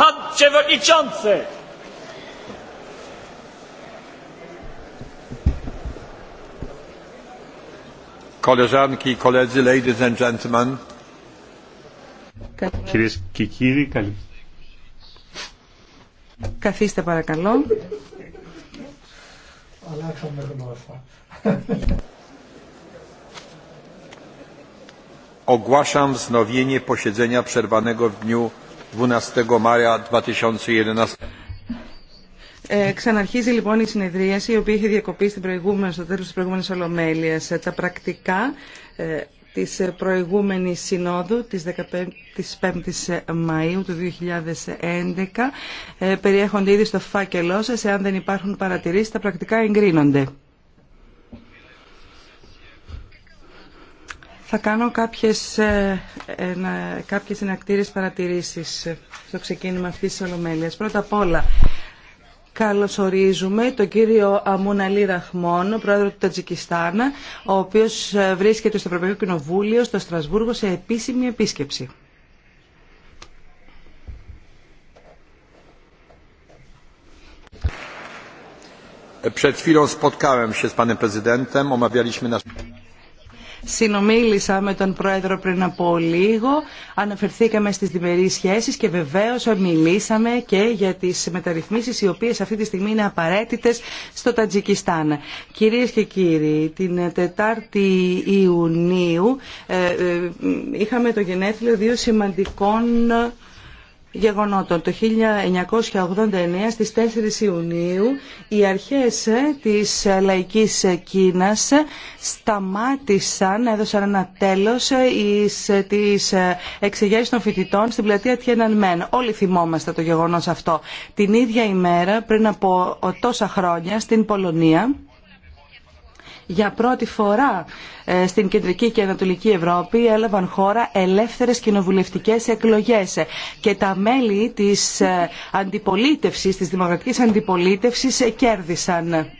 Pan Przewodniczący! Koleżanki i koledzy, ladies and gentlemen. Κυρίες και καλή. Καθίστε παρακαλώ. Αλλάξαμε Ogłaszam wznowienie posiedzenia przerwanego w dniu ε, ξαναρχίζει λοιπόν η συνεδρίαση, η οποία είχε διακοπεί στην προηγούμενη, στο τέλος της προηγούμενης ολομέλειας. Ε, τα πρακτικά ε, της ε, προηγούμενης συνόδου της 15ης Μαΐου του 2011 περιέχονται ήδη στο φάκελό σας. Εάν δεν υπάρχουν παρατηρήσεις, τα πρακτικά εγκρίνονται. Θα κάνω κάποιες, ένα, ε, ε, κάποιες παρατηρήσεις στο ξεκίνημα αυτής της ολομέλειας. Πρώτα απ' όλα, καλωσορίζουμε τον κύριο Αμούν Αλή Ραχμόν, πρόεδρο του Τατζικιστάν, ο οποίος ε, βρίσκεται στο Ευρωπαϊκό Κοινοβούλιο, στο Στρασβούργο, σε επίσημη επίσκεψη. Przed chwilą spotkałem się z panem prezydentem, omawialiśmy Συνομίλησα με τον Πρόεδρο πριν από λίγο, αναφερθήκαμε στις διμερείς σχέσεις και βεβαίως μιλήσαμε και για τις μεταρρυθμίσεις οι οποίες αυτή τη στιγμή είναι απαραίτητες στο Τατζικιστάν. Κυρίες και κύριοι, την 4η Ιουνίου ε, ε, είχαμε το γενέθλιο δύο σημαντικών γεγονότων. Το 1989 στις 4 Ιουνίου οι αρχές της λαϊκής Κίνας σταμάτησαν, έδωσαν ένα τέλος εις της των φοιτητών στην πλατεία Τιέναν Μέν. Όλοι θυμόμαστε το γεγονός αυτό. Την ίδια ημέρα πριν από τόσα χρόνια στην Πολωνία για πρώτη φορά ε, στην Κεντρική και Ανατολική Ευρώπη έλαβαν χώρα ελεύθερες κοινοβουλευτικές εκλογές και τα μέλη της ε, αντιπολίτευσης, της δημοκρατικής αντιπολίτευσης ε, κέρδισαν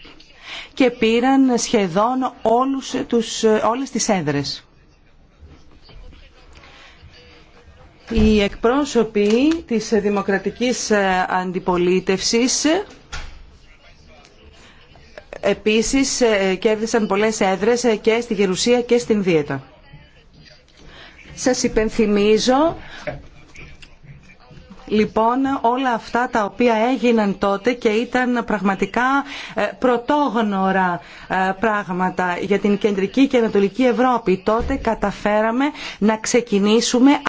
και πήραν σχεδόν όλους τους, όλες τις έδρες. Οι εκπρόσωποι της δημοκρατικής αντιπολίτευσης Επίσης ε, κέρδισαν πολλές έδρες ε, και στη Γερουσία και στην Δίαιτα. Σας υπενθυμίζω λοιπόν όλα αυτά τα οποία έγιναν τότε και ήταν πραγματικά ε, πρωτόγνωρα πράγματα για την κεντρική και ανατολική Ευρώπη. Τότε καταφέραμε να ξεκινήσουμε